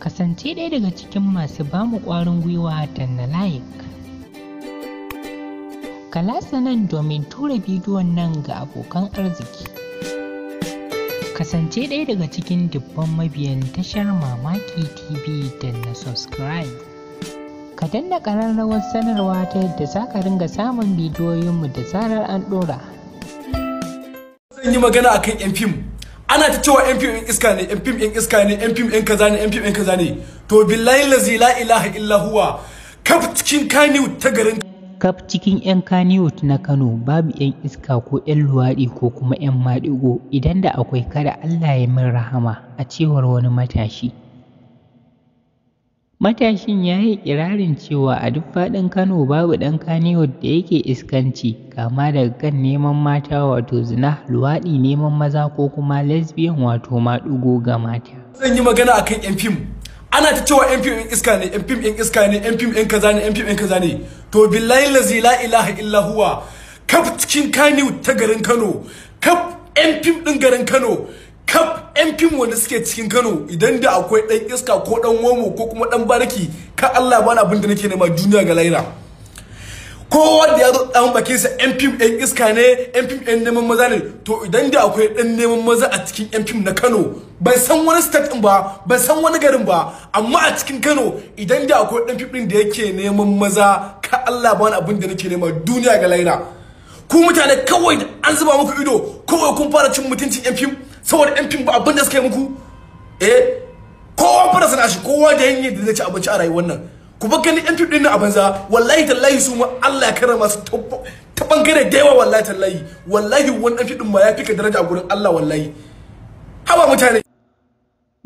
kasance ɗaya daga cikin masu ba mu ƙwarin gwiwa da na like. Kalasa nan domin tura bidiyon nan ga abokan arziki. Kasance ɗaya daga cikin dubban mabiyan tashar Mamaki TV da na subscribe. Ka danna ƙararrawar sanarwa ta yadda za ka ringa samun bidiyoyinmu da zarar an ɗora. Zan yi magana akan 'yan fim. ana ta cewa yan fim iska ne yan fim iska ne yan fim kaza ne yan fim kaza ne to billahi lazi la ilaha illa huwa kaf cikin kaniwut ta garin kaf cikin yan kaniwut na kano babu yan iska ko yan luwaɗi ko kuma yan maɗigo idan da akwai kada allah ya min rahama a cewar wani matashi Matashin ya yi ƙirarin cewa a duk faɗin Kano babu ɗan Kannywood da yake iskanci, kama daga kan neman mata wato zina, luwaɗi, neman maza ko kuma lesbian wato maɗigo ga mata. Zan yi magana a kan 'yan fim. Ana ta cewa 'yan fim iska ne, 'yan fim iska ne, 'yan fim kaza ne, 'yan fim kaza ne. To billahi lazi la ilaha illa huwa. Kaf cikin Kannywood ta garin Kano. Kaf 'yan fim ɗin garin Kano. kaf yan fim wanda suke cikin kano idan da akwai dan iska ko dan womo ko kuma ɗan barki ka allah bani abin da nake nema duniya ga laira kowa da ya zo dan bakin sa yan fim yan iska ne yan fim yan neman maza ne to idan da akwai ɗan neman maza a cikin yan fim na kano bai san wani state ɗin ba bai san wani garin ba amma a cikin kano idan da akwai ɗan fim ɗin da yake neman maza ka allah bana abin da nake nema duniya ga laira ku mutane kawai an zuba muku ido kawai kun fara cin mutuncin yan fim saboda yan fim ba abin da suka yi muku eh kowa fara sana shi kowa da yanyi da zai ci abinci a rayuwar nan ku ba gani yan fim din nan a banza wallahi tallahi su ma Allah ya kara masu ta bangare da yawa wallahi tallahi wallahi wani yan fim din ma ya ka daraja a gurin Allah wallahi haba mutane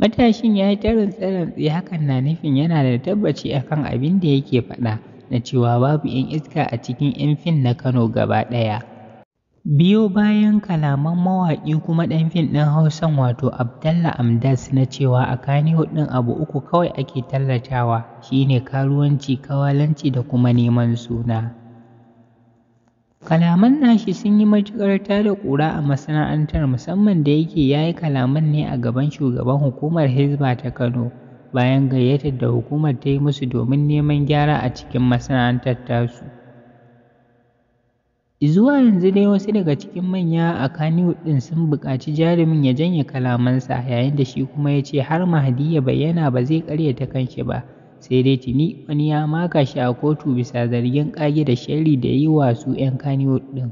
matashin ya yi tarin tsaye hakan na nufin yana da tabbaci akan abin da yake faɗa na cewa babu 'yan iska a cikin 'yan fin na kano gaba ɗaya Biyo bayan kalaman mawaƙi kuma ɗan fim ɗin Hausan wato Abdallah Amdas na cewa a Kannywood ɗin abu uku kawai ake tallatawa shi ne karuwanci, kawalanci da kuma neman suna. Kalaman nashi sun yi matuƙar tada ƙura a masana'antar musamman da yake ya yi kalaman ne a gaban shugaban hukumar Hisba ta Kano bayan gayyatar da hukumar ta yi musu domin neman gyara a cikin masana'antar tasu. Izuwa yanzu dai wasu daga cikin manya a Kannywood ɗin sun buƙaci jarumin ya janye kalamansa, yayin da shi kuma ya ce har Mahdi ya bayyana ba zai ƙaryata kanshi ba, sai dai tuni wani ya maka shi a kotu bisa zargin ƙage da sharri da yi wa su 'yan Kannywood ɗin.